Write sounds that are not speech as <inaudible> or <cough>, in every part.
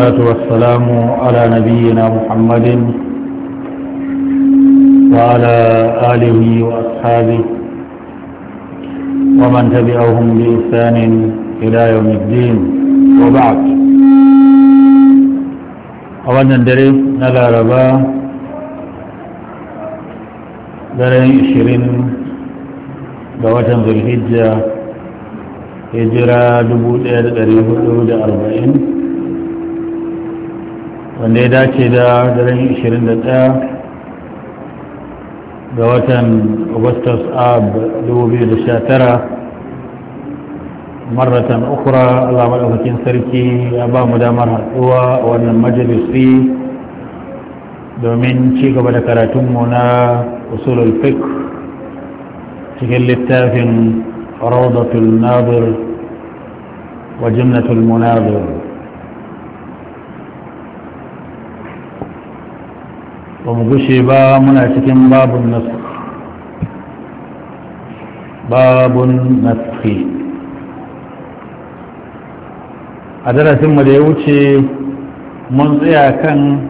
والصلاة والسلام على نبينا محمد وعلى آله وأصحابه ومن تبعهم بإحسان إلى يوم الدين وبعد أولا دريف نلا ربا درين شرين دوات ذي الهجة هجرة دبوت أربعين wanda ya dace da daren 21 ga watan augustus ab 2019 maratan ukura alamadaukakin sarki ya ba mu damar haɗuwa a wannan majalisi domin ci gaba da karatunmu na usulul fiqh cikin littafin rawdatul nadir wa jannatul munadir ba mu gushe ba muna cikin babun nasu babun nasu a darasinmu da ya wuce mun tsaya kan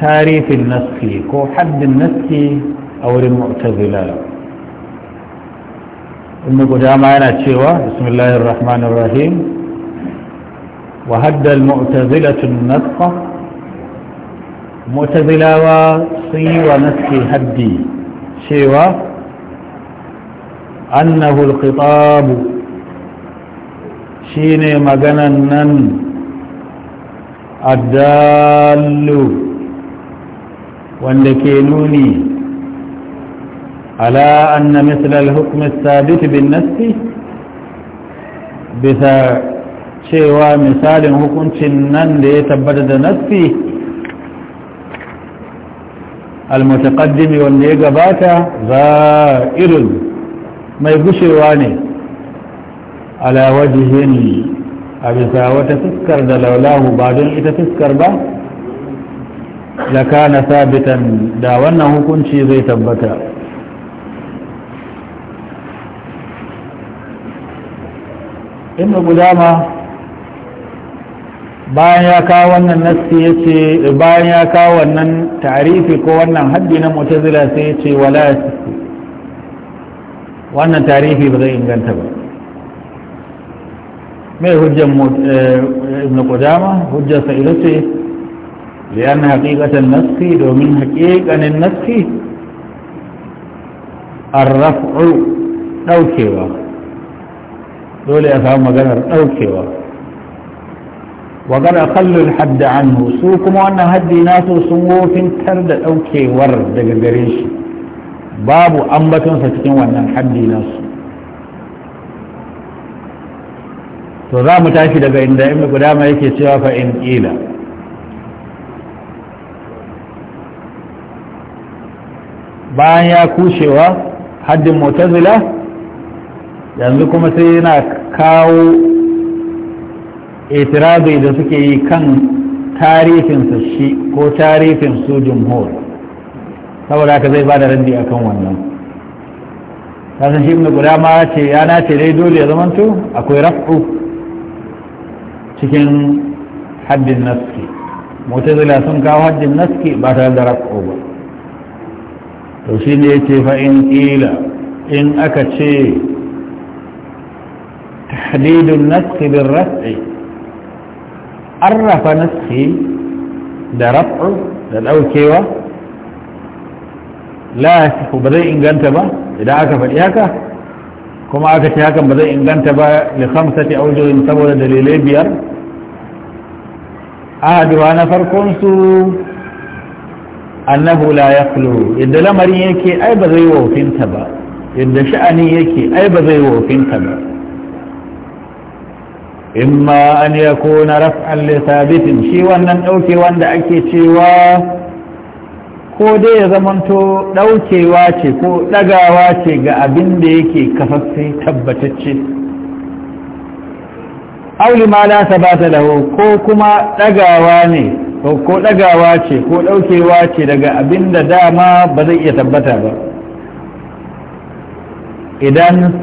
tarifin nasu ko haddin naski a wurin mu'tazila ibn ma yana cewa bismillahir rahmanir rahim wa hadda mutazilatu an mutazilawa sun yi wa naske haddi cewa annahu shine maganan nan addallu wanda ke nuni ala anna misla al-hukm al-sabit bin naske bisa cewa misalin hukuncin nan da ya tabbatar da naske almutaqaddimi wanda ya gabata irin mai gushewa ne ala a bisa wata fuskar da laulahu ba don ita fuskar ba da sa sabitan da wannan hukunci zai tabbata ibn gudama bayan ya kawo wannan nassi yace bayan ya kawo wannan tarifi ko wannan haddi na mutazila sai yace wala wannan tarifi ba zai inganta ba mai hujjar ibn qudama hujjar sa ita ce liyan haqiqatan nassi domin haqiqanin nassi arraf'u daukewa dole ya samu maganar daukewa wa gana kallon hadda an su kuma wannan haddi nasu sun wofintar da ɗaukewar daga gare shi babu ambatonsa cikin wannan haddi to za mu tashi daga inda guda gudama yake cewa fa in ƙila bayan ya kushewa haddin motazila yanzu kuma sai yana kawo itirazi da suke yi kan su shi ko tarifin su jumhur saboda haka zai ba da randi akan wannan kasan shi ibn ma ce ya nace dai dole ya zamanto akwai raf'u cikin haddin naski mutazila sun kawo haddin naski ba tare da raf'u ba to shi ne ce fa in ƙila in aka ce tahdidun naski bin raf'i arrafa nassi da raf'u da daukewa la ba zai inganta ba idan aka faɗi haka kuma aka ce hakan ba zai inganta ba li khamsati awjuhin saboda dalilai biyar ahaduwa na farkon su annahu la yaqlu yadda lamarin yake ai ba zai wofinta ba yadda sha'ani yake ai ba zai wofinta ba imma an ya kona raf'an lissabitin shi wannan ɗauke wanda ake cewa ko dai ya zamanto ɗaukewa ce ko ɗagawa ce ga abin da yake kafaffe tabbatacce auli ma la sabata lahu ko kuma ɗagawa ne ko ɗagawa ce ko ɗaukewa ce daga abin da dama ba zai iya tabbata ba idan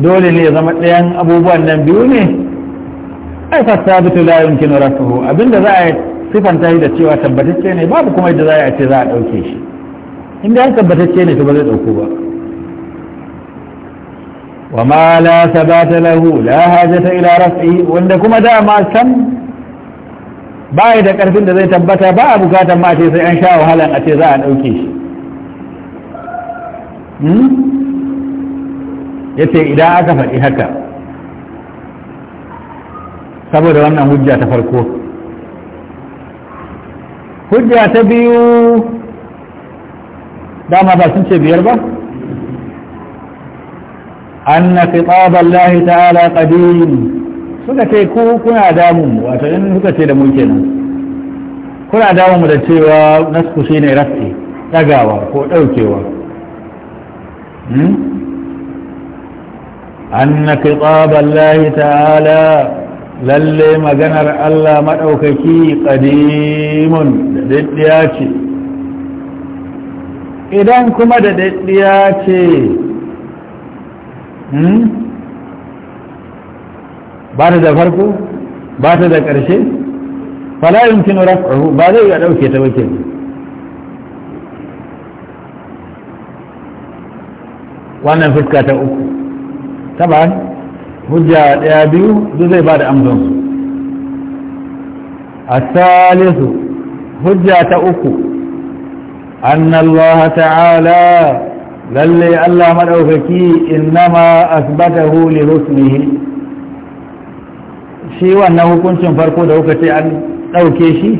dole ne zama ɗayan abubuwan nan biyu ne ai fa sabitu la yumkin rafuhu abinda za a sifanta shi da cewa tabbatacce ne babu kuma yadda za a ce za a dauke shi inda an tabbatacce ne to ba zai dauko ba wa ma la sabata lahu la hajata ila raf'i wanda kuma dama san bai da karfin da zai tabbata ba a bukatar ma ce sai an sha wahalan a ce za a dauke shi yace idan aka faɗi haka saboda wannan hujja ta farko hujja ta biyu dama ba sun ce biyar ba أن lahi ta ala قديم suka ce ku kuna damun Wata yin suka ce da mulke nan? kuna damun mu da cewa nasku ne rafi Ɗagawa ko ɗaukewa? daukewa أن lahi ta ala. lalle maganar Allah maɗaukaki ƙadimun da daddiya ce idan kuma da daddiya ce hmm? ba ta da farko ba ta da ƙarshe falayin kinu raf'ahu ba zai ga ɗauke ta wakil wannan fuska ta uku ta ba hujja ɗaya biyu duk zai ba da amsansu a salisu hujja ta uku annallaha ta'ala lalle Allah maɗaukaki innama asbatahu li rusmihi shi wannan hukuncin farko da kuka ce an ɗauke shi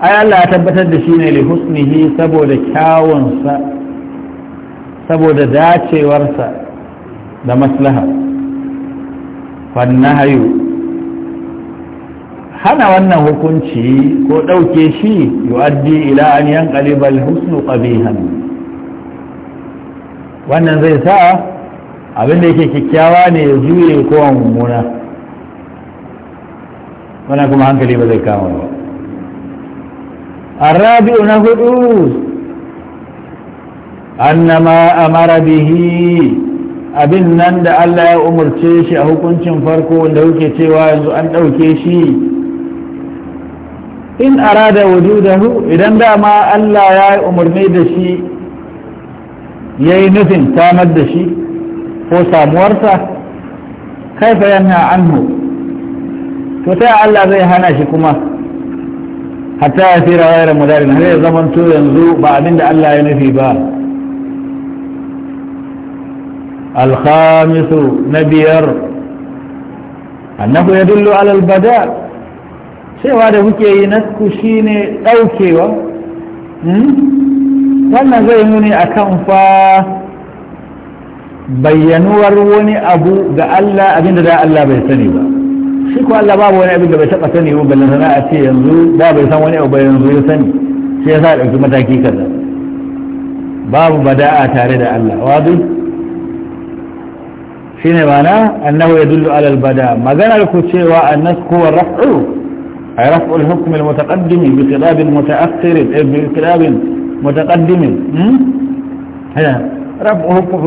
ai Allah ya tabbatar da shi ne li husnihi saboda kyawunsa saboda dacewarsa da maslaha fannahayu hana wannan hukunci ko ɗauke shi yu'addi ila an yanqalibal husnu qabihan wannan zai sa abin da yake kyakkyawa ne ya juye ko mummuna wannan kuma hankali ba zai kama ba Rabi'u na أن ما abin nan da Allah ya umarce shi a hukuncin farko wanda kuke cewa yanzu an ɗauke shi in arada wujudahu idan dama Allah ya yi umarni da shi ya yi nufin samar da shi ko samuwarsa kaifa yana anhu to ta Allah zai hana shi kuma hatta ya fi rawayar mudarin har ya zamanto yanzu ba abin da Allah ya nufi ba الخامس نبير أنه يدل على bada cewa da muke yi na shi ne ɗaukewa wannan zai nuni a kan fa bayyanuwar wani abu ga Allah abinda da Allah bai sani ba shi ko Allah babu wani abin da bai taba sani ba ce yanzu da bai san wani abu yanzu ya sani shi ya sa ɗauki mataki kaza babu bada'a tare da Allah wadu shine mana annahu yadullu ala albada maganar ku cewa annasku wa raf'u ay raf'u alhukm almutaqaddim bi khilab almutaakhir bi khilab mutaqaddim hada raf'u hukm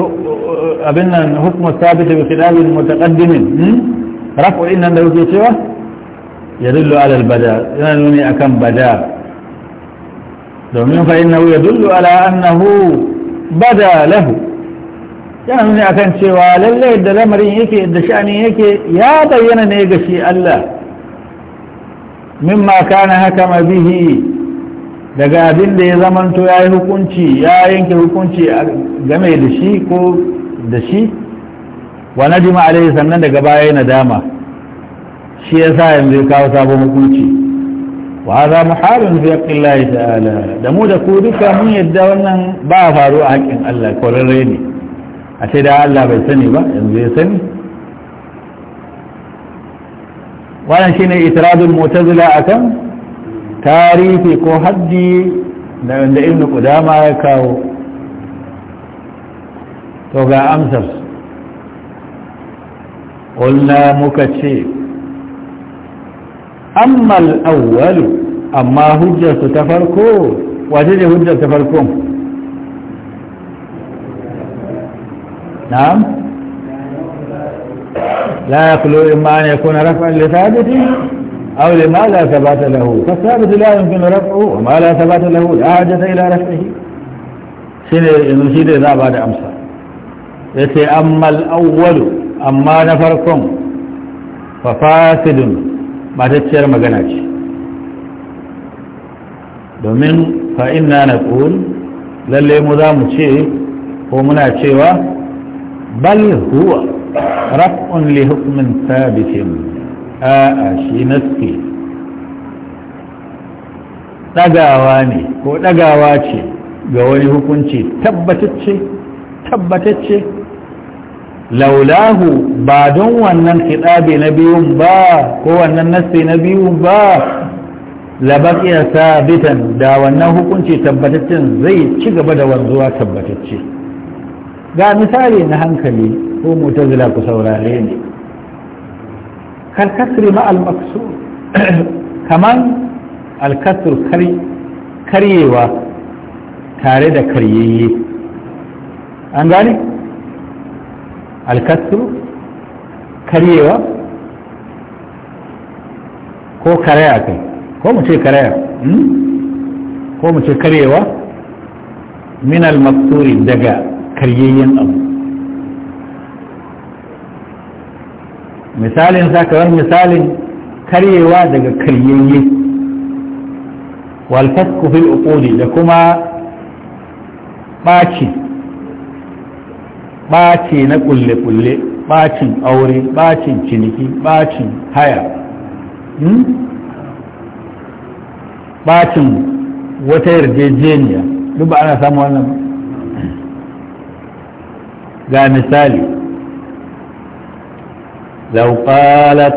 abinna hukm thabit bi khilab mutaqaddim raf'u inna da yake cewa yadullu ala albada yana nuni akan bada domin fa innahu yadullu ala annahu bada lahu yana a akan cewa lallai da lamarin yake da sha'ani yake ya bayyana ne ga shi Allah mimma kana ma bihi daga abin da ya zamanto ya yi hukunci ya yanke hukunci game da shi ko da shi wa najima alaihi sannan daga baya nadama dama shi ya sa yanzu ya kawo sabon hukunci wa za mu halin fi yaqillahi ta'ala da mu da ku duka mun yadda wannan ba faru a haƙƙin Allah kwararre ne a ce da Allah bai sani ba yanzu ya sani wannan shine itiradul mu'tazila akan tarihi ko haddi da wanda ibn qudama ya kawo to ga amsar qulna muka ce amma al-awwal amma hujjatu ta farko wace ce hujjar ta farkon? نعم لا يخلو إما أن يكون رفعا لثابت أو لما لا ثبات له فالثابت لا يمكن رفعه وما لا ثبات له لا عجة إلى رفعه سنشيد إذا بعد أمسى يتي أما الأول أما نفركم ففاسد ما تتشير مغناك دومين fa'ina نقول للي lalle mu ومنا mu بل هو رفع لحكم ثابت آآ شي نسكي ɗagawa ne ko ɗagawa ce ga wani hukunci tabbatacce tabbatacce laulahu ba don wannan hidabe na biyun ba ko wannan nasi na biyun ba labaƙiya sabitan da wannan hukunci tabbataccen zai ci gaba da wanzuwa tabbatacce ga misali na hankali ko mutazila ku saurare ne kalkasri ma maksu kaman alkasur karyewa tare da karyayye an gane alkasur karyewa ko karaya kai ko mu ce karaya ko mu ce karyewa min almaksuri daga karyayyen abu misalin sakawar misalin karyewa daga karyayye walfasku fil uqudi da kuma ɓaci ɓaci na ƙulle-ƙulle ɓacin aure ɓacin ciniki ɓacin haya hmm? ɓacin wata yarjejeniya duk ba ana samun wannan ga misali lau qala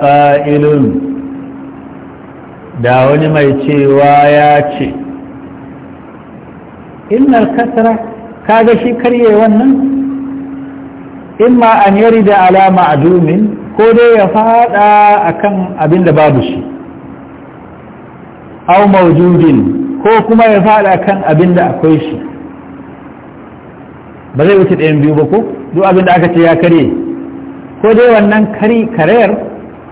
da wani mai cewa ya ce innal ka kaga shi karye wannan imma an yari da alama a domin ko dai ya fada kan abin da babu shi Au maujudin ko kuma ya fada kan abin da akwai shi ba zai wuce ɗayan biyu ba ko duk abin da aka ce ya karye ko dai wannan kari karayar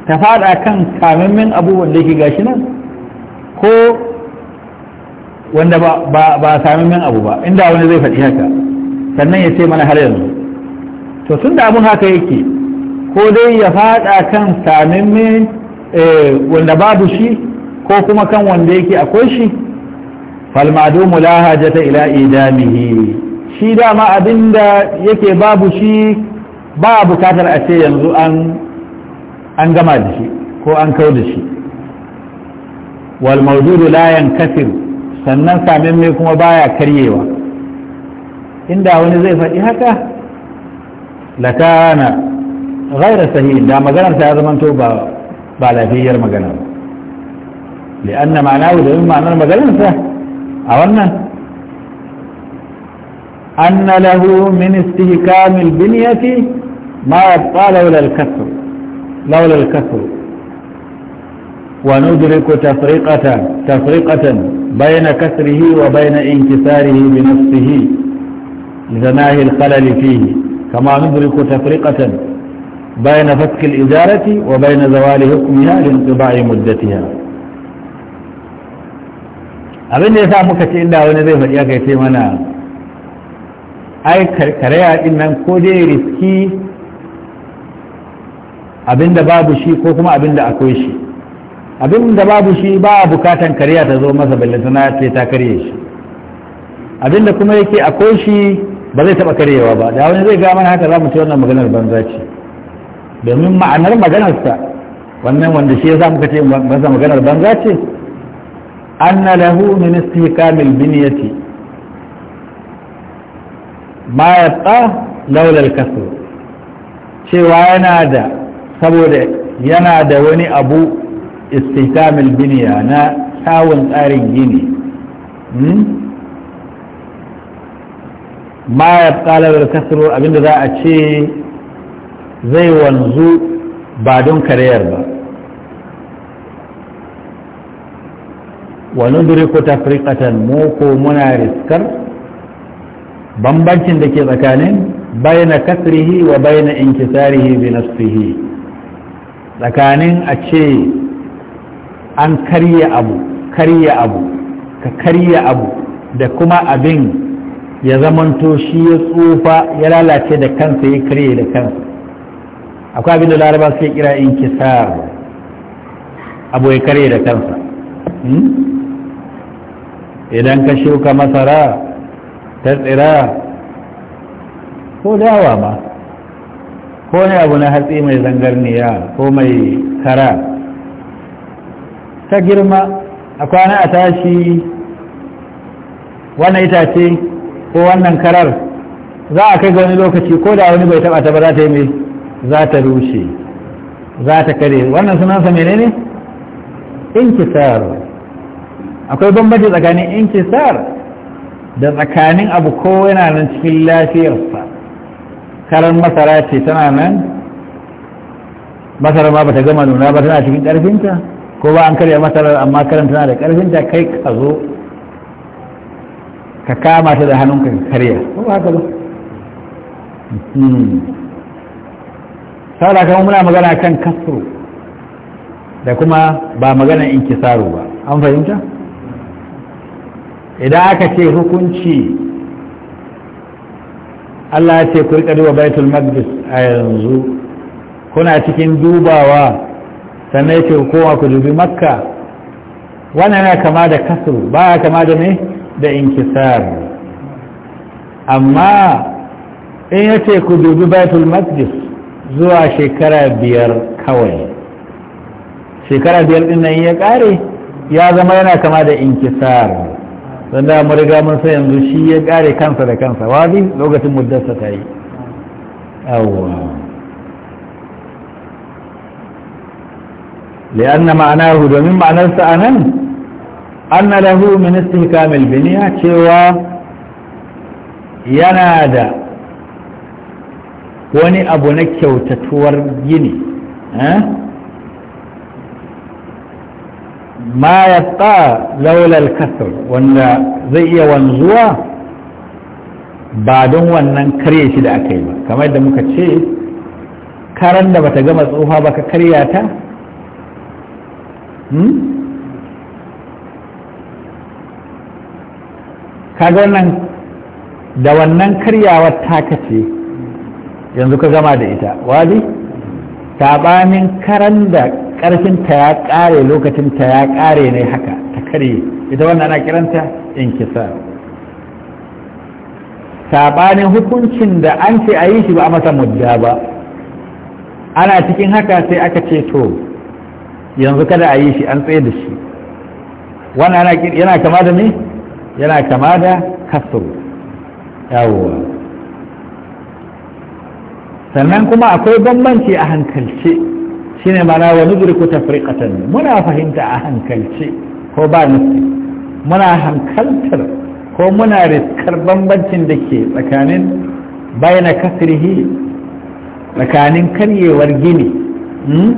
ta fada kan kamammin abubuwan da ke gashi nan ko wanda ba ba abu ba inda wani zai faɗi haka sannan ya ce mana har yanzu to tun da abin haka yake ko dai ya fada kan kamammin eh, wanda babu shi ko kuma kan wanda yake akwai shi falmadu mulahajata ila idamihi shi dama abinda yake babu shi ba bukatar a ce yanzu an gama da shi ko an kau da shi wal layan kafir sannan samin mai kuma baya karyewa inda wani zai faɗi haka lakana ghaira sahihin da maganar ta zama to ba ba lafiyar magana li'anna ma'anahu da ma'anar maganarsa a wannan أن له من استهكام البنية ما يبقى لولا الكسر لولا الكسر وندرك تفرقة تفرقة بين كسره وبين انكساره بنفسه لزناه الخلل فيه كما ندرك تفرقة بين فك الإدارة وبين زوال حكمها لانقضاء مدتها abin يسامك إلا sa إياك يتيمنا ai karkaraya din nan ko dai riski abinda babu shi ko kuma abinda akwai shi abinda babu shi ba a bukatan karya ta zo masa ballantana ce ta karye shi abinda kuma yake akwai shi ba zai taba karyewa ba da wani zai ga mana haka za mu ci wannan maganar banza ce domin ma'anar maganarsa wannan wanda shi ya za muka ce maganar banza ce anna lahu min istihkamil binyati ma yabqa laula al-kasr cewa yana da saboda yana da wani abu istikamil biniya na tsawon tsarin gini hmm? ma yabqa laula al-kasr abinda za a ce zai wanzu ba don kariyar ba wani duri ko tafrikatan mu ko muna riskar bambancin da ke tsakanin bayna kasrihi wa bayna inkisarihi bi nafsihi tsakanin a ce an karya abu karya abu ka karya abu da kuma abin ya zamanto shi ya tsufa ya lalace da kansa ya karye da kansa akwai abin da laraba ke kira inkisar abu ya karye da kansa hmm? idan ka shuka masara ta tsira ko dawa ba ko ne abu na hatsi mai zangarniya ko mai kara ta girma a kwana a tashi wannan itace ko wannan karar za a kai ga wani lokaci ko da wani bai taba ta ba za ta yi mai za ta rushe za ta kare wannan sunansa menene inkisar akwai bambanci tsakanin inkisar da tsakanin abu ko yana nan cikin lafiyarsa karan masara ce tana nan masara ma ta gama nuna ba tana cikin karfinta ko ba an karya masarar amma karan tana da karfinta kai ka zo ka kama ta da hannunka ka karya ko ba haka ba hmm. saboda kan muna magana kan kasro da kuma ba magana inkisaru ba an fahimta idan aka ce hukunci Allah ya ce kurka duba baitul maqdis a yanzu kuna cikin dubawa sannan ya ce kowa ku dubi makka wannan yana kama da kasu ba ya kama da ne da inkisar amma in ya ce ku dubi baitul maqdis zuwa shekara biyar kawai shekara biyar ɗin nan ya ƙare ya zama yana kama da inkisar don da mariga mun yanzu shi ya kare kansa da kansa wani lokacin muddarsa ta yi awon le'anna ma'ana hu domin ma'anarsa a nan an na da ministin kamil biniya cewa yana da wani abu na kyautatuwar gini eh? ma ya tsa laulal kasar wanda zai iya wanzuwa ba don wannan karye shi da aka yi ba kamar yadda muka ce karan da bata gama tsufa ba ka karya ta kaga wannan da wannan karyawar taka ce yanzu ka gama da ita wadi tabanin karan da ƙarfinta ya ƙare lokacinta ya ƙare ne haka ta karye ita wannan ana kiranta kisa saɓanin hukuncin da an ce a yi shi ba a masa mudda ba ana cikin haka sai aka ce to yanzu kada a yi shi an tsaye da shi wannan yana kama da ne yana kama da kasuru yawowa sannan kuma akwai bambanci a hankalce shine mana wa nudriku tafriqatan muna fahimta a hankalce ko ba nufi muna hankaltar ko muna riskar bambancin da ke tsakanin bayna tsakanin karyewar gini hmm?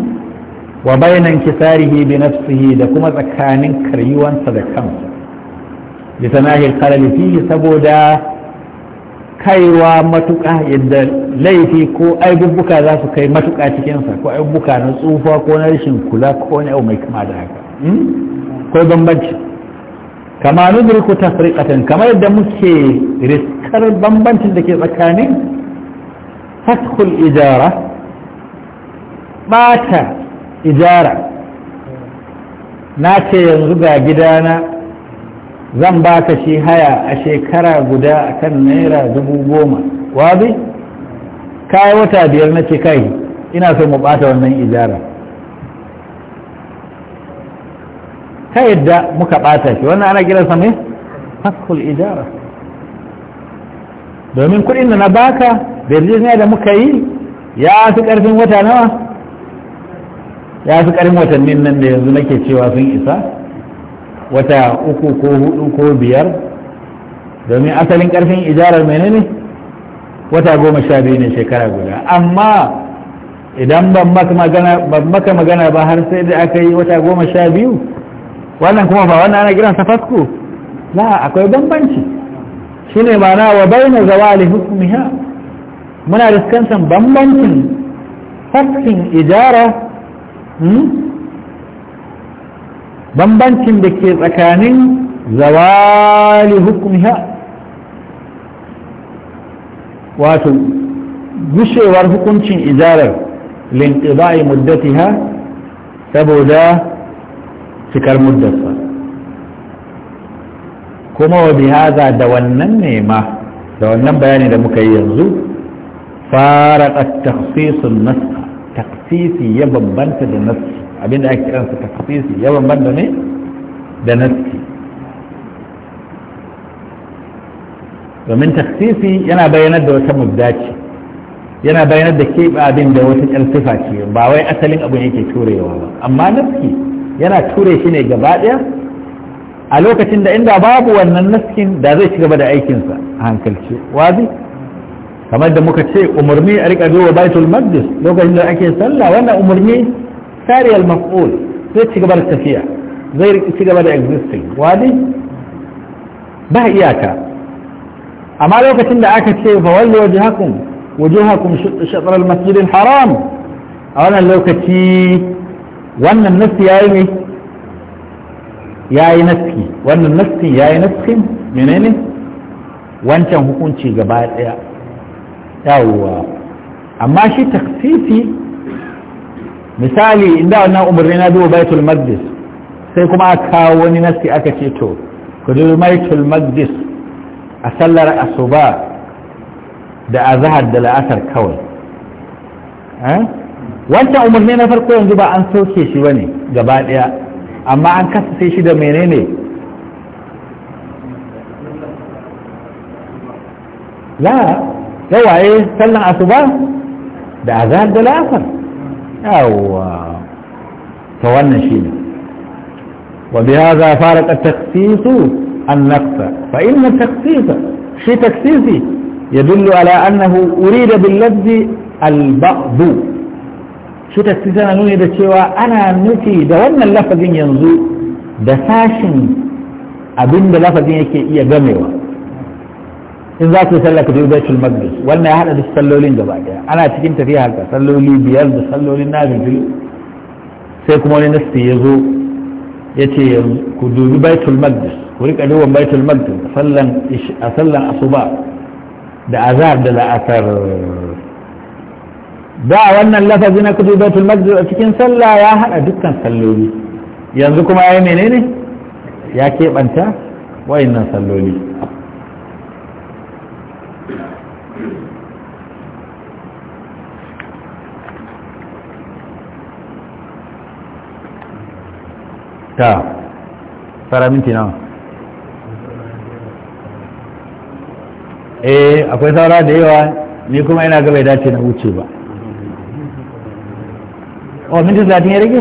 wa bainan kisarihi bi nafsihi da kuma tsakanin karyuwansa da kansa bi sanahil qalbi saboda kaiwa matuƙa yadda laifi ko aibubuka za su kai matuƙa cikinsa ko aibubuka na tsufa ko na rashin kula ko wani abu mai kama da haka hmm? ko bambanci kama nudriku tafriqatan kamar yadda muke riskar bambancin da ke tsakanin fathul ijara bata ijara na ce yanzu ga gidana zan ba ka shi haya a shekara guda a kan naira dubu goma wabi kayi wata biyar na ce kai ina so mu bata wannan ijara ta yadda muka bata shi wannan ana kiransa mai haskul ijara domin kudin da na baka birjiniya da muka yi ya fi karfin wata nawa ya fi karfin watannin nan da yanzu nake cewa sun isa wata uku ko hudu ko biyar domin asalin karfin ijarar menene wata goma sha biyu ne shekara guda amma idan ban maka magana ba har sai da aka yi wata goma sha biyu wannan kuma ba wannan ana kiransa fasku la akwai bambanci shine ma'ana wa baina zawali hukmiha muna riskantar bambancin faskin ijara hmm? bambancin da ke tsakanin zawali hukumiha wato gushewar hukuncin ijarar lintibai muddatiha saboda cikar muddarsa kuma wa bihaza da wannan nema da wannan bayani da muka yi yanzu fara taksisun nasa taksisi ya bambanta da nasa abinda ake kiran su takfisi yawan banda ne da nassi domin takfisi yana bayanar da wata muddaci yana bayanar da keɓe abin da wata ƙyar sifa ce ba wai asalin abin yake turewa ba amma naski yana ture shi ne gaba ɗaya a lokacin da inda babu wannan naskin da zai ci gaba da aikinsa a hankalci wazi kamar da muka ce umarni a riƙa zuwa baitul maqdis lokacin da ake sallah wannan umarni الثاني المفعول زي تقبل التفيع زي تقبل existing وهذه به إياك أما لو كنت دعاك الشيء فولي وجهكم وجهكم شطر المسجد الحرام انا لو كنت وأن النفس يا إيمي يا إيمي وأن النفس يا إيمي من إيمي وأن تنهكم شيء قبائل يا هو أما شيء تخصيصي misali inda wannan umarni na duba baitul maqdis sai kuma a kawo wani nasi aka ce to ku dubi baitul maqdis a sallar asuba da azhar da la'asar kawai eh? wancan umarni na farko yanzu ba an soke shi ba ne gaba ɗaya amma an kasa shi da menene la yawaye eh, sallar asuba da azhar da la'asar yawwa ta wannan shi ne wa biya za fara ka taksisu an nafsa fa inna taksisa shi taksisi ya dullu ala annahu wuri da lafzi al ba'du shi taksisi na nuni da cewa ana nufi da wannan lafazin yanzu da sashin abinda lafazin yake iya gamewa in za ku yi sallah ka je baitul maqdis wannan ya hada duk sallolin gaba daya ana cikin tafiya haka salloli biyar da sallolin nafil sai kuma wani nasti ya zo ya ce ku dubi baitul maqdis ku rika duban baitul maqdis sallan a sallan asuba da azhar da la'asar da wannan lafazi na kudu baitul maqdis a cikin sallah ya hada dukkan salloli yanzu kuma ya menene ya keɓanta wayannan salloli ta tsara minti nawa eh akwai saura da yawa ni kuma ina ga bai dace na wuce ba o oh, minti talatin ya rage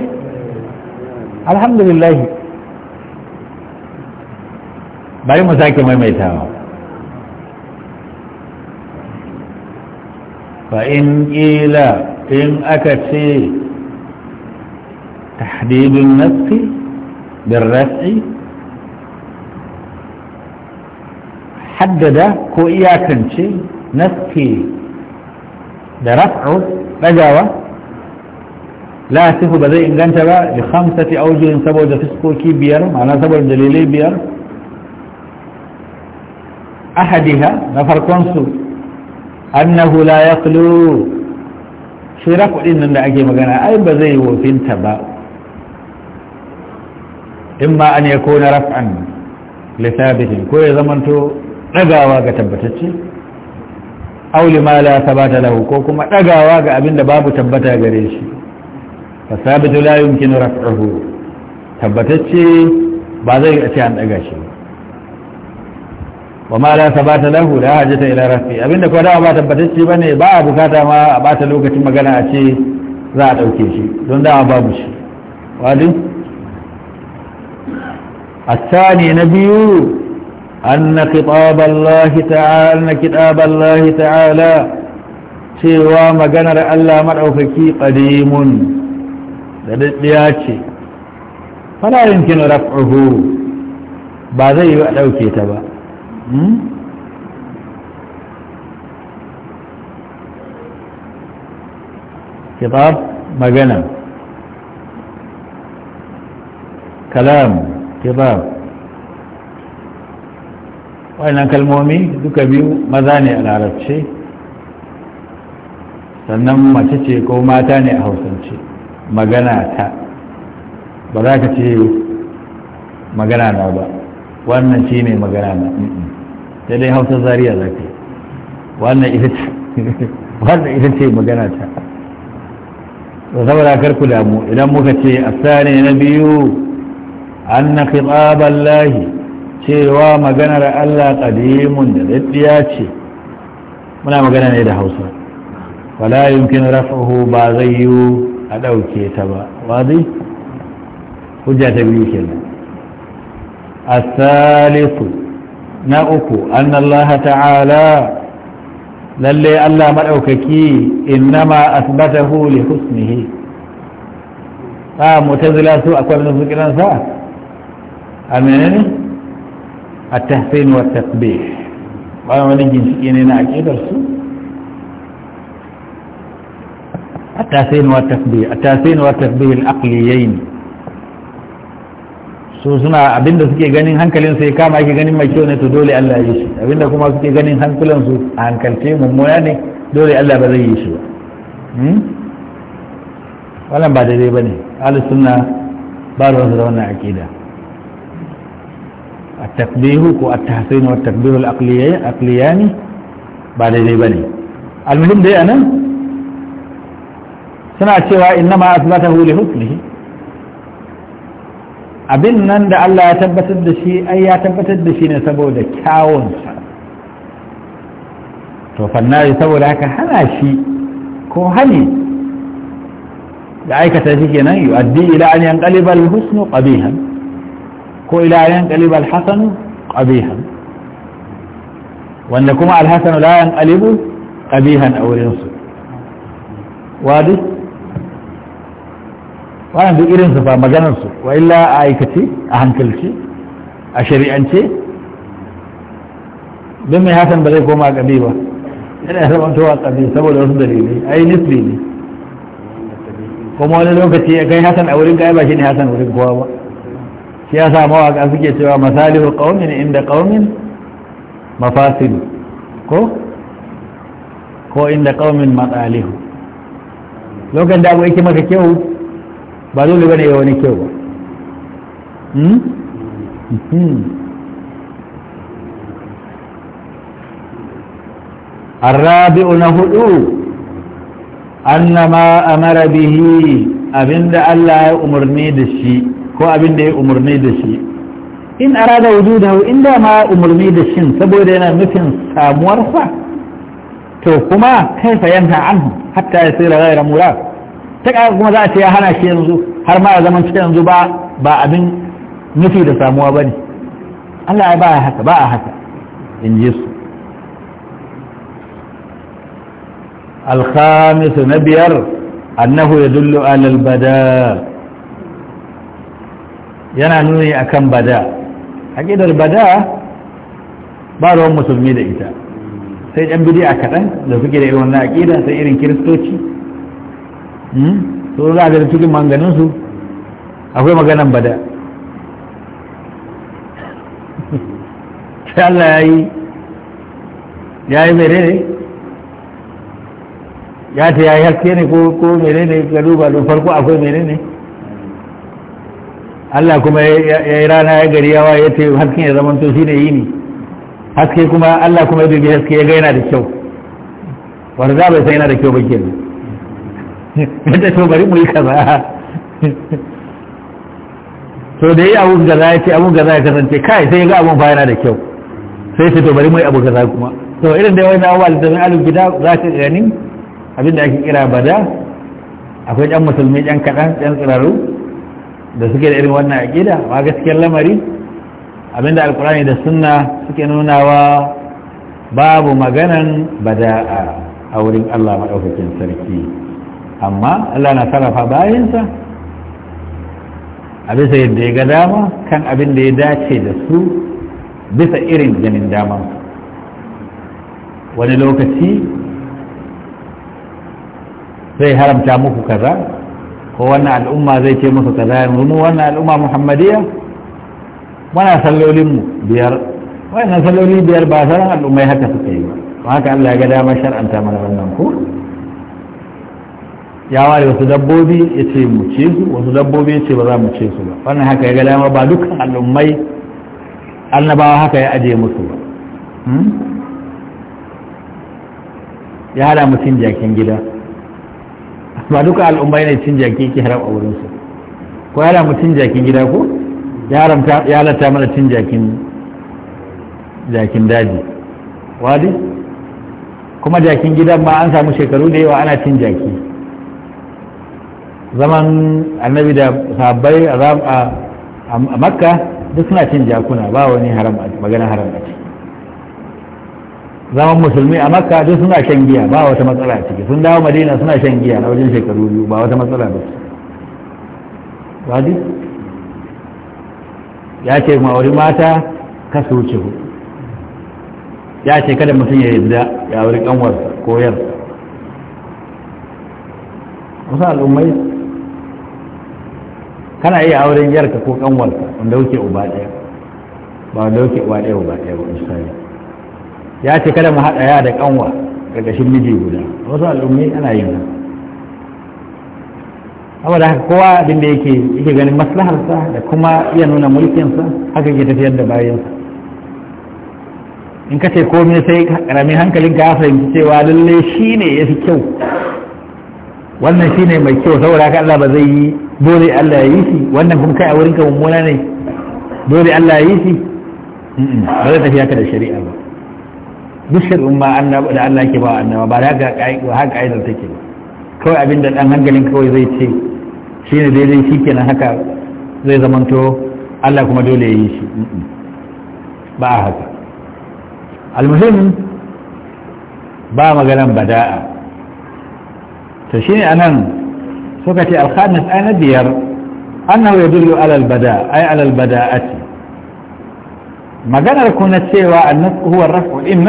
alhamdulillahi bari mu sake maimaitawa fa in ƙila in aka ce tahdidin nafsi بالرفع حدد كو إياكنشي نسكي برفع رجاوة لا تفو بذي إنجانتا بخمسة أوجه سبو دفسكو كي بير معنا سبو دليلي بير أحدها نفر كونسو أنه لا يخلو shi rafaɗin nan da ake magana ai ba zai wofinta ba imma an ya kona raf'an li thabitin ko ya zamanto dagawa ga tabbatacce aw lima la thabata lahu ko kuma dagawa ga abin da babu tabbata gare shi fa thabitu la yumkinu raf'uhu tabbatacce ba zai a ce an daga shi wa ma la thabata lahu la hajata ila rafi abinda ko da ba tabbatacce bane ba a bukata ma a bata lokacin magana a ce za a dauke shi don da babu shi wadi الثاني نبي أن خطاب الله تعالى أن كتاب الله تعالى سوى مجنر ألا مرعفك قديم لدياتي فلا يمكن رفعه بعد يؤلو كتابا خطاب مجنر كلام kibab wannan kalmomi duka biyu maza ne a larabce sannan mace ce ko mata ne a hausance magana ta ba za ka ce magana na ba wannan shi ne magana na sai dai hausa zariya za ka yi wannan ita ce magana ta ba saboda karku damu idan muka ce a na biyu anna khitaban lahi cewa maganar Allah qadimun da daddiya ce muna magana ne da Hausa wala yumkin rafuhu ba zai yi a dauke ta ba wadi hujja ta biyu kenan asalisu na uku anna Allah ta'ala lalle Allah madaukaki innama asbatahu li husnihi ba mutazila su akwai nufin kiransa a menene a tahsin wa tasbih bayan wani ginshiki ne na aƙidar su a tahsin wa tasbih a tahsin wa tasbih al-aqliyayn su suna abinda suke ganin hankalin sai kama ake ganin mai kyau ne to dole Allah yi shi abinda kuma suke ganin hankulan su a hankalce mummuna ne dole Allah ba zai yi shi ba wannan ba daidai ba ne alisunna ba wasu da wannan aƙida التقبيه كو التحسين والتكبير الأقلياني الأقلي... بعد ذيبني المهم دي أنا سنع الشواء إنما أثبته لحكمه أبنن أن الله يتبت الدشي أي يتبت الدشي نسبه دكاون فالنا يتبه لك حناشي كو هني دعيك تذيكي يؤدي إلى أن ينقلب الحسن قبيها ko ila yanqalib alhasan qabihan wanda kuma alhasan la yanqalib qabihan a wurin su wadi wannan duk irin su fa maganar su wa illa a aikace a hankalci a shari'ance don mai hasan ba zai koma a ƙabi ba yana zamantowa ƙabi saboda wasu dalilai ai nisbi ne kuma wani lokaci ya kai hasan a wurin ka ba shi ne hasan wurin kowa ba shi ya sa mawaka suke cewa masalihu qaumin inda qaumin mafasid ko ko inda qaumin masalihu lokacin da abu yake maka kyau ba dole bane ya wani kyau ba الرابع نهدو أن ما أمر به أبند الله أمرني دشي ko abin da ya umarni da shi in arada wujuda in da ma umarni da shi saboda yana nufin samuwarsa to kuma kaifa yanha anhu hatta ya tsira ghayra mura ta kuma za a ce ya hana shi yanzu har ma a zaman cikin yanzu ba ba abin nufi da samuwa bane Allah ya ba haka ba a haka in ji su الخامس annahu أنه يدل على البداء yana nuni akan bada aƙidar bada ba ruwan musulmi da ita sai ɗan a kaɗan da suke da irin wannan aƙida sai irin kiristoci hmm? su za a gani cikin manganinsu akwai maganan bada sai Allah ya yi ya yi mere ne ya ta ya yi haske ne ko mere ne ga duba don farko akwai mere ne Allah kuma ya yi rana ya gari yawa ya ce haske ya zamanto shi ne yini haske kuma Allah kuma ya dubi haske ya ga yana da kyau wanda za bai san yana da kyau ba kenan <laughs> yadda to bari mu yi kaza <laughs> to da yi abun gaza ya ce abun gaza ya kasance kai sai ya ga abun fa yana da kyau sai sai to bari mu yi abu gaza kuma to irin da wani abubuwa da zan alif gida za ka gani abinda ake kira bada akwai ɗan musulmi ɗan kaɗan ɗan tsiraru da suke da irin wannan aƙida ma gaskiyar lamari abinda alkurani da sunna suke nunawa babu maganan bada'a a wurin Allah maɗaukakin sarki amma Allah na sarrafa bayansa a bisa yadda ya ga dama kan abin da ya dace da su bisa irin ganin dama wani lokaci zai haramta muku kaza ko wannan al'umma zai ce masa kaza yanzu mu wannan al'umma muhammadiyya muna sallolinmu biyar wannan salloli biyar ba sauran al'ummai haka suka yi ba haka Allah ya ga dama shar'anta mana wannan ko ya ware wasu dabbobi ya ce mu ce su wasu dabbobi ya ce ba za mu ce su ba wannan haka ya ga dama ba dukkan al'ummai annabawa haka ya aje musu ba hmm? ya hada mutum jakin gida ba duka al'ummai ne cin jaki ke haram a wurinsu ko yana mu cin jakin gida ko ya halatta mana cin jakin jakin daji wadi kuma jakin gidan ma an samu shekaru da yawa ana cin jaki zaman annabi da sabbai a makka duk suna cin jakuna ba wani haram magana haram a ciki zaman musulmi a makka duk suna shan giya ba wata matsala a ciki sun dawo madina suna shan giya na wajen shekaru biyu ba wata matsala ba wadi ya ce ma'auri mata ka su wuce ya ce kada mutum ya yadda ya wuri kanwar koyar wasu al'ummai kana iya auren yarka ko kanwar wanda wuke uba ɗaya ba wanda wuke uba ɗaya uba ɗaya ba misali ya ce kada mu haɗa ya da ƙanwa ƙarƙashin miji guda wasu al'ummi ana yin haka saboda haka kowa abinda yake yake ganin maslaharsa da kuma iya nuna mulkinsa haka yake tafiyar da bayansa in ka ce komai sai ƙaramin hankalin ka ya fahimci cewa lalle shi ne ya fi kyau wannan shi ne mai kyau saboda haka Allah ba zai yi dole Allah ya yi shi wannan kuma kai a wurinka mummuna ne dole Allah ya yi shi ba zai tafiya ka da shari'a ba duk umma ma da Allah ke ba annaba ba da haka ka'idar take ba kawai abin da dan hankalin kawai zai ce shi ne daidai shi kenan haka zai zamanto Allah kuma dole ya yi shi ba a haka almuhim ba maganan bada'a to shi ne anan suka ce alkhamis ai na biyar annahu yadullu ala bada ai ala albada'ati maganar ku na cewa annas huwa rafu din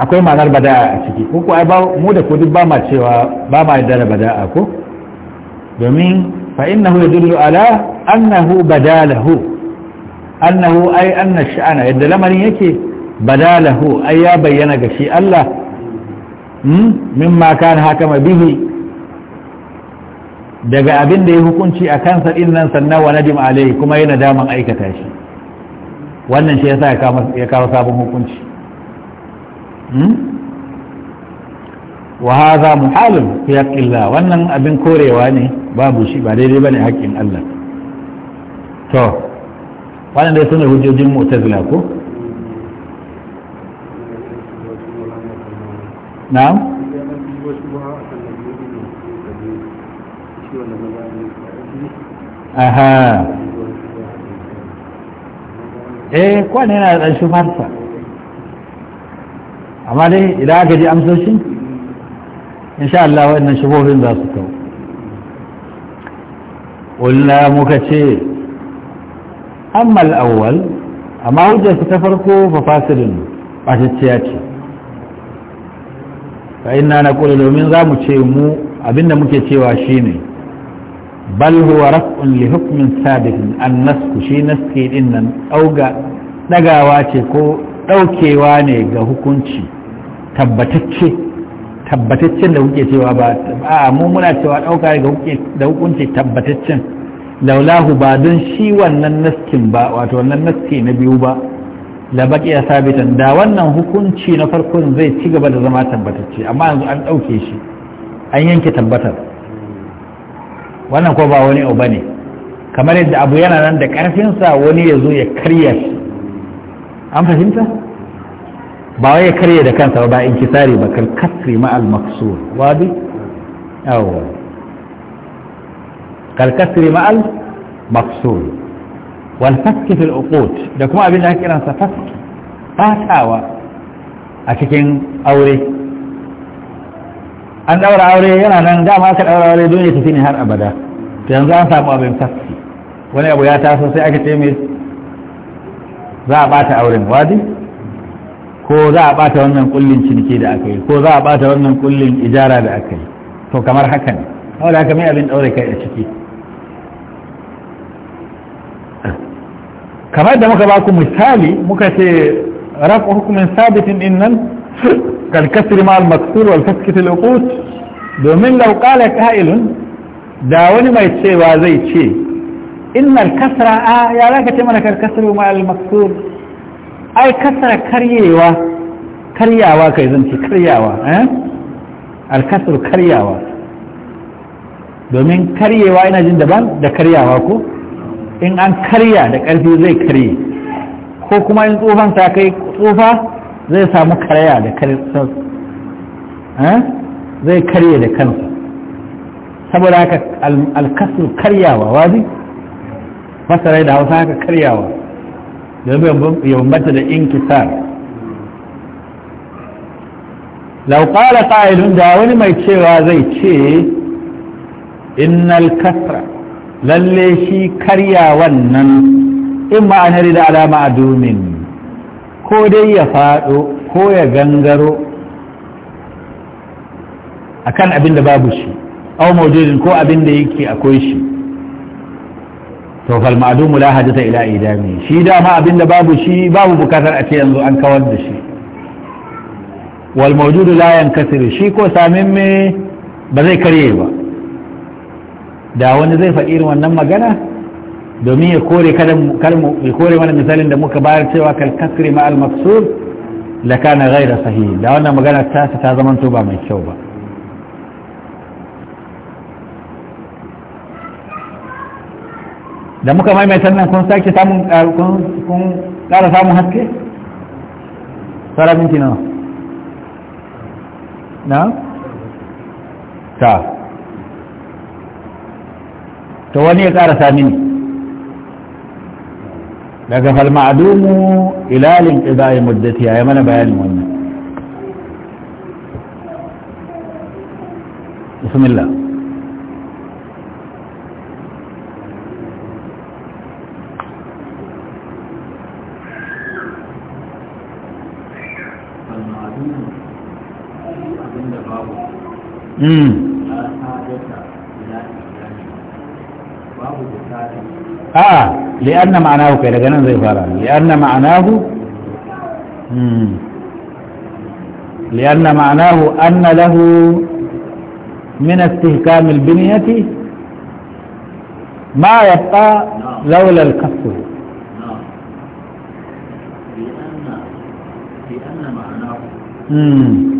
akwai ma'anar bada'a a ciki ko ko ai mu da ku duk ba ma cewa ba ma da bada'a ko domin fa ya yadullu ala annahu badalahu annahu ai anna sha'ana yadda lamarin yake badalahu ai ya bayyana ga shi Allah hmm? mimma kana hakama bihi daga abin da ya hukunci a kansa din nan sannan wa nadim alai kuma yana daman aikata shi wannan shi yasa ya kawo sabon hukunci Hmm? wa haza muhalun fi haƙƙillah wannan abin korewa ne babu shi ba daidai bane haƙƙin Allah to wannan dai sune hujjojin mu'tazila ko na'am aha eh ne yana da farsa. amma dai idan aka ji amsoshin sha Allah waɗannan shubohin za su kawo ƙulla muka ce amma al'awwal amma su ta farko fa fasirin ɓatacciya ce fa ina na ƙuri domin za mu ce mu abinda muke cewa shi ne bal huwa raf'un li hukmin sabitin an nasku shi naske din nan ɗagawa ce ko ɗaukewa ne ga hukunci tabbatacce tabbataccen da kuke cewa ba a mu muna cewa ɗauka da hukunci tabbataccen laulahu ba don shi wannan naskin ba wato wannan naski na biyu ba la baqiya sabitan da wannan hukunci na farko zai ci gaba da zama tabbatacce amma yanzu an ɗauke shi an yanke tabbatar wannan ko ba wani abu bane kamar yadda abu yana nan da ƙarfinsa wani ya zo ya karya shi an fahimta ba wai ya karye da kansa ba in kisari ba kal kasri ma al mafsul wadi aw kal kasri ma al mafsul wal fask fi al uqud da kuma abin da ake kiran sa fask fatawa a cikin aure an daura aure yana nan dama aka daura aure don ya tafi ne har abada to yanzu an samu abin faski wani abu ya taso sai aka ce mai za a bata auren wadi ko za a bata wannan kullin ciniki da aka yi ko za a bata wannan kullin ijara da aka yi to kamar haka ne wanda haka mai abin daure kai a ciki kamar da muka ba ku misali muka ce rafa hukumin sabitin din nan kalkasir ma al-maksur wal faskitil uqut domin law qala da wani mai cewa zai ce innal kasra a ya zaka ce mana kalkasir ma al-maksur ai kasar karyewa karyawa kai zance karyawa eh alkasar karyawa domin karyewa ina jin daban da karyawa ko in an karya da ƙarfi zai karye ko kuma in tsufan ta kai tsufa zai samu karya da kansa eh? zai karye da kansa saboda haka alkasar karyawa wazi masarai da hausa haka karyawa domin ya bambanta da inkisar lau qala da wani mai cewa zai ce innal kasra lalle shi karya wannan in ma'anar da alama a domin ko dai ya faɗo ko ya gangaro kan abin da babu shi au maujudin ko abin da yake akwai shi to fal ma'dumu la hajata ila idami shi dama abinda babu shi babu bukatar a ce yanzu an kawar da shi wal mawjudu la kasiri shi ko samin me ba zai karye ba da wani zai faɗi irin wannan magana domin ya kore ya kore mana misalin da muka bayar cewa kal kasri ma al maksud la kana ghayra sahih da wannan magana ta ta zamanta to ba mai kyau ba da muka maimaita nan kun sake samun eh, kun ƙara samun haske? tsara minti na na? ta ta wani ya ƙara sami daga falma'adumu ilalin ƙizayen muddati ya yi mana bayanin wannan bismillah آه لأن معناه كذا لقنا زي فاران لأن معناه لأن معناه أن له من استهكام البنية ما يبقى لولا الكسر لأن لأن معناه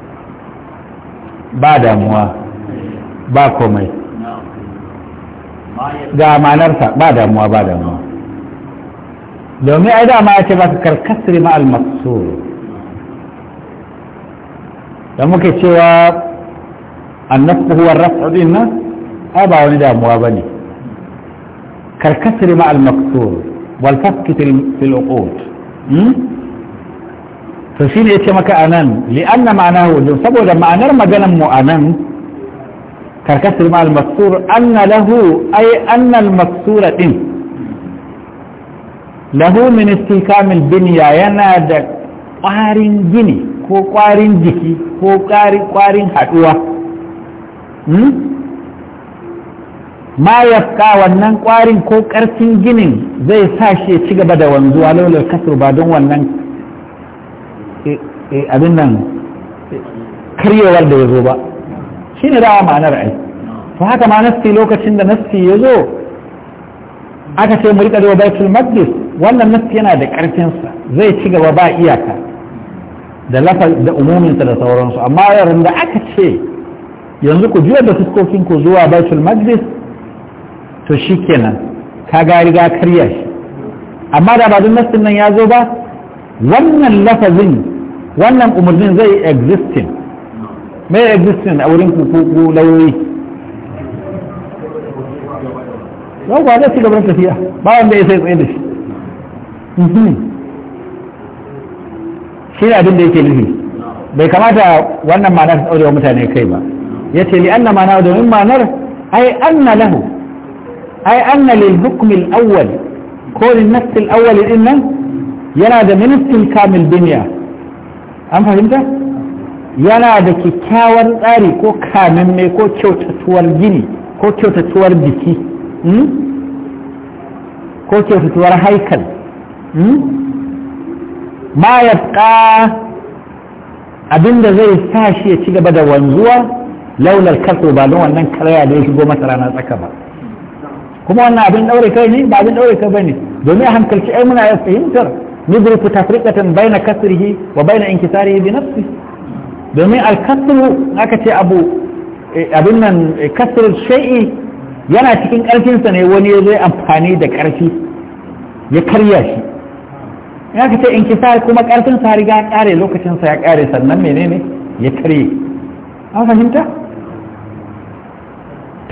ba damuwa ba komai ga manarsa ba damuwa ba damuwa domin ai dama ya ce ba ka karkasiri ma'al maksur da muke cewa annasu huwar rasu din nan ai ba wani damuwa ba ne karkasiri ma'al maksur walfaski fil uqud hmm? to shi ne ya ce maka anan li'anna ma'ana wajen saboda ma'anar maganan mu anan karkasar ma al-maksur anna lahu ai anna al-maksura din lahu min istikamil binya yana da ƙwarin gini ko ƙwarin jiki ko ƙwarin haɗuwa hmm? ma yafka wannan ƙwarin ko ƙarfin ginin zai sa shi ya ci gaba da wanzuwa laular kasar ba don wannan Eh, eh, abin nan karyewar da ya zo ba shi ne dawa ma'anar ai to haka ma nasti lokacin da nasti ya zo aka ce mu riƙa zuwa baitul maddis wannan nasti yana da ƙarfinsa zai ci gaba ba iyaka da lafar da umuminsa da sauransu amma yaran da aka ce yanzu ku juya da fuskokin ku zuwa baitul maddis to shi kenan ka ga riga karya shi amma da ba dun nastin nan ya zo ba wannan lafazin wannan umarnin zai existing mai existing a wurin kuku lauyoyi yau ba zai ci gaban tafiya ba wanda ya sai tsaye da shi mhm. shi ne abin da yake nufi bai kamata wannan ma'anar ta ɗaurewa mutane kai ba ya ce li'an na ma'ana domin ma'anar ai an na lahu ai an na lil hukumin awwal ko lil nassil awwal din nan yana da ministin kamil duniya an fahimta yana da kyakkyawar tsari ko mai ko kyautatuwar gini ko kyautatuwar biki hmm? ko kyautatuwar haikal hmm? ma ya abinda zai sa shi ya ci gaba da wanzuwa laular kaso ba don wannan karaya da ya shigo masa rana tsaka ba kuma wannan abin daure kai ne ba abin daure kai ba ne domin a hankalci ai muna ya fahimtar yudriku tafriqatan baina kasrihi wa baina inkisarihi bi nafsi domin al-kasru aka ce abu abin nan kasr shay'i yana cikin karfin sa ne wani zai amfani da karfi ya karya shi ya ka ce inkisar kuma karfin sa riga ya kare lokacin sa ya kare sannan menene ya karye an fahimta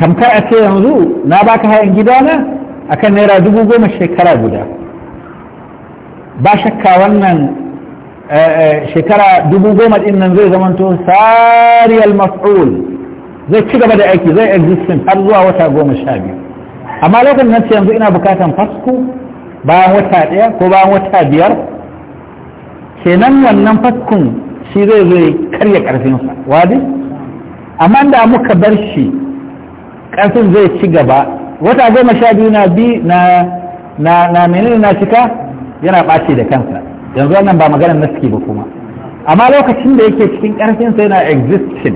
Tamkai a ce yanzu na baka hayan gidana akan naira dubu goma shekara guda ba shakka wannan eh, eh, shekara dubu goma din nan zai zamanto sariyal mas'ul zai ci gaba da aiki zai existing har zuwa wata goma sha biyu amma lokacin nan yanzu ina bukatan fasku bayan wata ɗaya ko bayan wata biyar kenan wannan faskun shi zai zai karya ƙarfinsa wadi amma da muka bar shi ƙarfin zai ci gaba wata goma sha biyu na bi na na na menene na cika yana ɓace da kansa yanzu wannan ba maganar naski ba kuma amma lokacin da yake cikin ƙarfinsa yana existing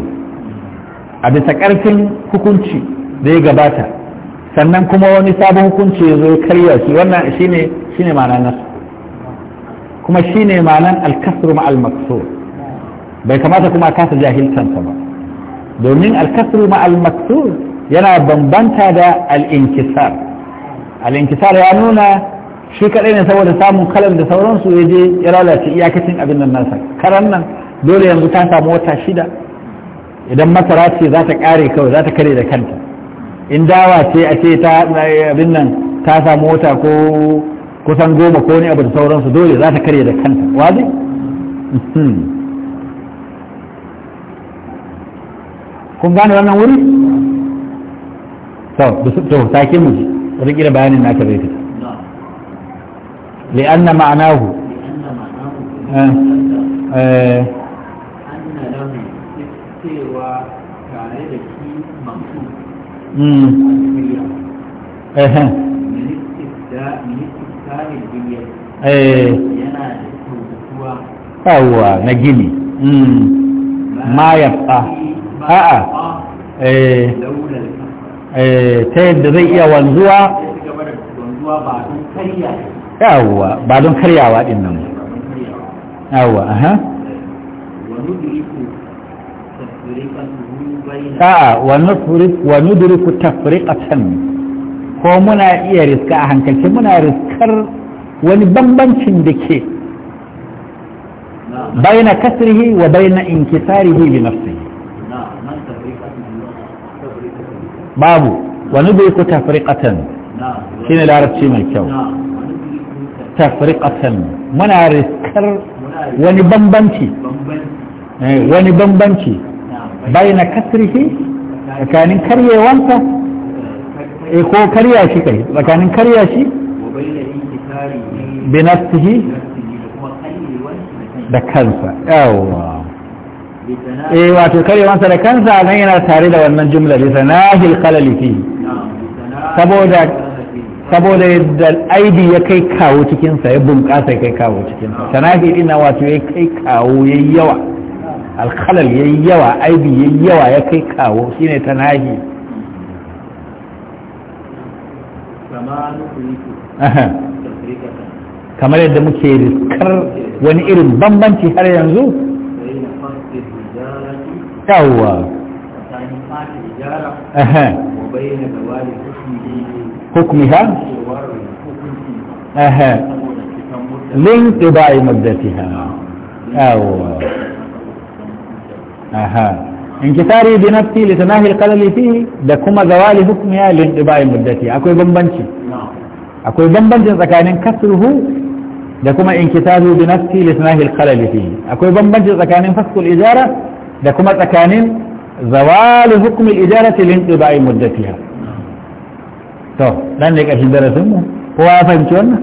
a bisa ƙarfin hukunci da ya gabata sannan kuma wani sabon hukunci ya zo ya karya shi wannan shine shine ma'anar nasu kuma shine ma'anar alkasru ma'al maksur bai kamata kuma kasa jahiltansa ba domin alkasru ma'al maksur yana bambanta da al-inkisar al-inkisar ya nuna shi kadai ne saboda samun kalan da sauransu ya je ya lalace iyakacin abin nan nasa karan nan dole yanzu ta samu wata shida idan masara ce za ta kare kawai za ta kare da kanta in dawa ce a ce ta abin nan ta samu wata ko kusan goma ko ne abu da sauransu dole za ta kare da kanta wazi hmm. kun gane wannan wuri to take mu rikira bayanin na ta zai fita لأن معناه أه أه yawwa na gini ma ya fa a'a ta yadda zai iya wanzuwa ba don karya yawwa ba don karyawa din nan yawwa aha a'a wa nudriku tafriqatan ko muna iya riska a hankalci muna riskar wani bambancin da ke baina kasrihi wa baina inkisarihi bi nafsihi babu wa nudriku tafriqatan shine larabci mai kyau تفرقة منا رسكر ونبنبنتي إيه، ونبنبنتي بين كثره مكان كريا وانت اخو كريا شكي مكان كريا شي وبين انكساره بنفسه بكنفة ايوه ايوه كريا وانت لكنفة علينا تاريد وانا جملة لتناهي القلل فيه سبودك نعم، saboda yadda aibi ya kai kawo cikinsa ya bunƙasa ya kai kawo cikinsa tanafi ina wato ya kai kawo ya yawa alkhalal ya yawa aibi ya yawa ya kai kawo shine ke. kamar yadda muke riskar wani irin bambanci har yanzu yawwa أها وبين زوال حكمها أها لانقضاء مدتها أو أها انكساري بنفسي لتناهي القلل فيه لكما زوال حكمها لانقضاء مدتها أكو بمبنشي نعم. أكو بمبنشي زكاني كسره لكما انكساري بنفسي لتناهي القلل فيه أكو بمبنشي زكاني فسق الإجارة لكما زكاني zawali hukumin ijarati linɗi ba a yi muddatiya to ɗan ne ƙashin darasinmu kowa ya fahimci wannan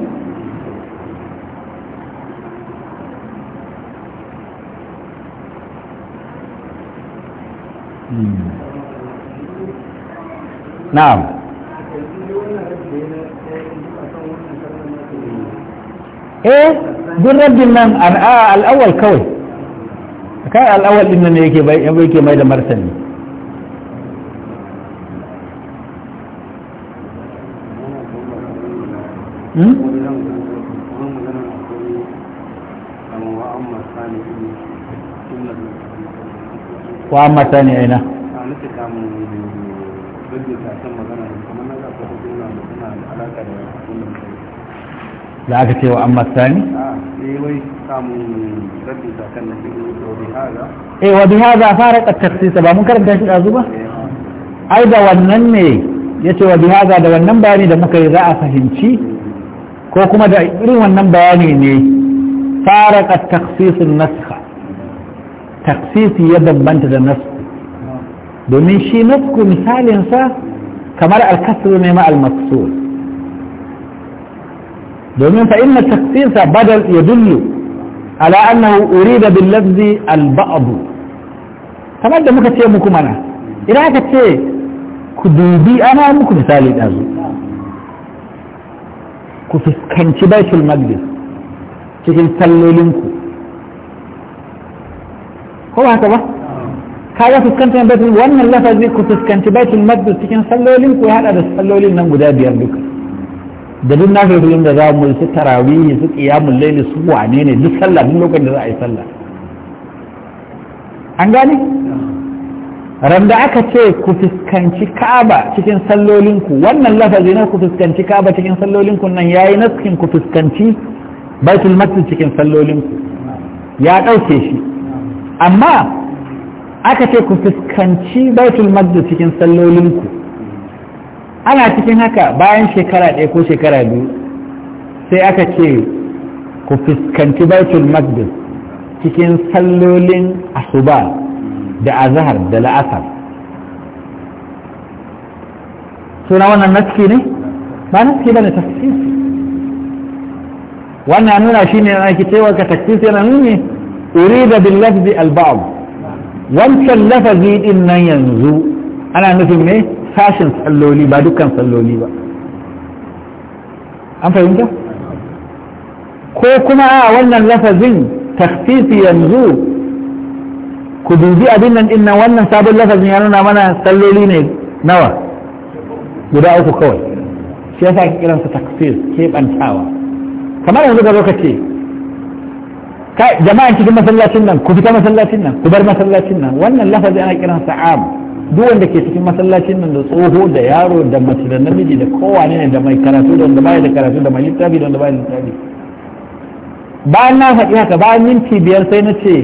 hmm. na'am eh, al'awal kawai kai al'awal din nan yake bai yake mai da martani hmm? wa amma sani aina da aka ce wa amma sani? a ah, eh, wai samun eh wa bihaza farqa at-takhsis ba mun karanta shi dazu ba ai da wannan ne yace wa bihaza da wannan bayani da muka yi za a fahimci ko kuma da irin wannan bayani ne farqa at-takhsis an-naskha takhsisi ya dabbanta da nasku domin shi nasku misalinsa kamar al-kasr ne ma al-maksur domin fa inna takhsisa badal yadullu ala annahu urida bil lafzi al ba'd kamar da muka ce muku mana idan aka ce ku dubi ana muku misali dazu ku fuskanci baitul maqdis cikin sallolinku ko haka ba kaga fuskantar baitul wannan lafazi ku fuskanci baitul maqdis cikin sallolinku ya hada da sallolin nan guda biyar duka da duk na firin da za mu su tarawihi su kiyamun laili su wane ne duk sallah duk lokacin da za a yi sallah an gane randa aka ce ku fuskanci kaba cikin sallolinku wannan lafazi na ku fuskanci kaba cikin sallolinku nan yayi naskin ku fuskanci baitul masjid cikin sallolinku ya ɗauke shi amma aka ce ku fuskanci baitul masjid cikin sallolinku ana cikin haka bayan shekara ɗaya ko shekara biyu sai aka ce ku fuskanci baitul maqdis cikin sallolin asuba da azhar da la'asar suna wannan naski ne ba naski ba ne tafsir wannan nuna shi ne ake cewa ka tafsir yana nuni urida bil lafzi al ba'd wancan lafazi din nan yanzu ana nufin ne sashin salloli ba dukkan salloli ba an fahimta ko kuma a wannan lafazin tafsisi yanzu ku dubi abin nan din wannan sabon lafazin ya nuna mana salloli ne nawa guda uku kawai shi yasa ake kiransa takfir keɓantawa kamar yanzu ka zo ka ce jama'an cikin masallacin nan ku fita masallacin nan ku bar masallacin nan wannan lafazi ana kiransa am duk wanda ke cikin masallacin nan da tsoho da yaro da mace da namiji da kowane ne da mai karatu da wanda baya da karatu da mai littafi da wanda baya da littafi bayan na faɗi haka bayan minti biyar sai na ce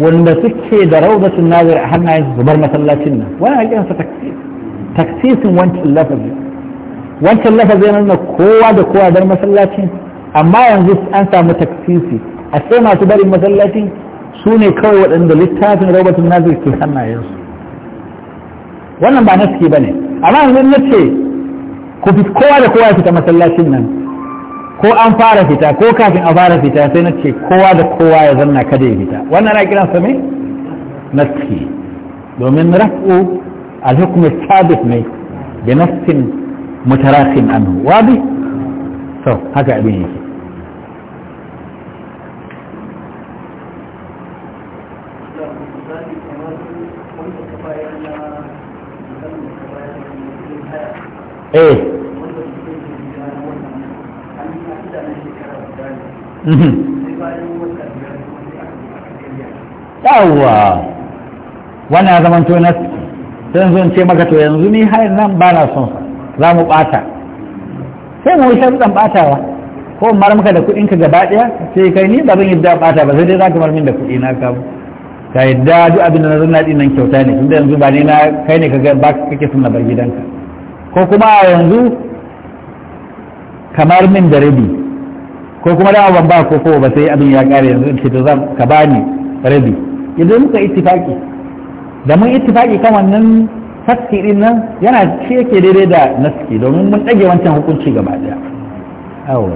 wanda suke da raudatun nazari a hannayen su bar masallacin nan wani sa taksisin wancan lafazi wancan lafazi yana nuna kowa da kowa dar masallacin amma yanzu an samu taksisi a sai masu barin masallacin su ne kawai waɗanda littafin raudatun nazari ke hannayensu wannan ba naski ba ne amma yanzu na ce ku fi kowa da kowa ya fita masallacin nan ko an fara fita ko kafin a fara fita sai na ce kowa da kowa ya zanna kada ya fita wannan na kiran naski domin raf'u a hukm sabis ne bi naskin mutarakin anhu wadi to haka abin yake eh mhm. yawwa wani zaman zamanto na sun zo ce maka to yanzu ni har nan ba na son za mu bata sai mu wuce dan batawa ko mara maka da kuɗinka gaba daya sai kai ni ba zan yadda bata ba sai dai zaka mar min da kudi na ka ka yadda duk abin da na zanna din nan kyauta ne inda yanzu ba ni na kai ne ka ga ba kake son na bar gidanka ko kuma a yanzu kamar min da rabi ko kuma da ban ba ko ko ba sai abin ya kare yanzu ce to zan ka bani rabi idan muka ittifaki da mun ittifaki kan wannan fasiki din nan yana shi yake daidai da naski domin mun dage wancan hukunci gaba daya awo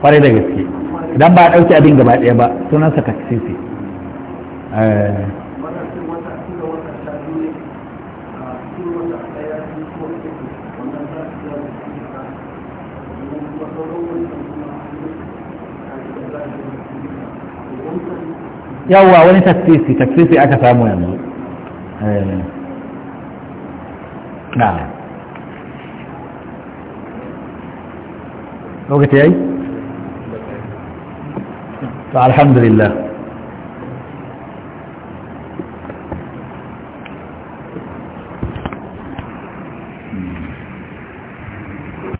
kwarai da gaske idan ba a ɗauki abin gaba daya ba sunan sunansa eh yawwa wani takfisi takfisi aka samu yanzu na'am lokaci yayi to alhamdulillah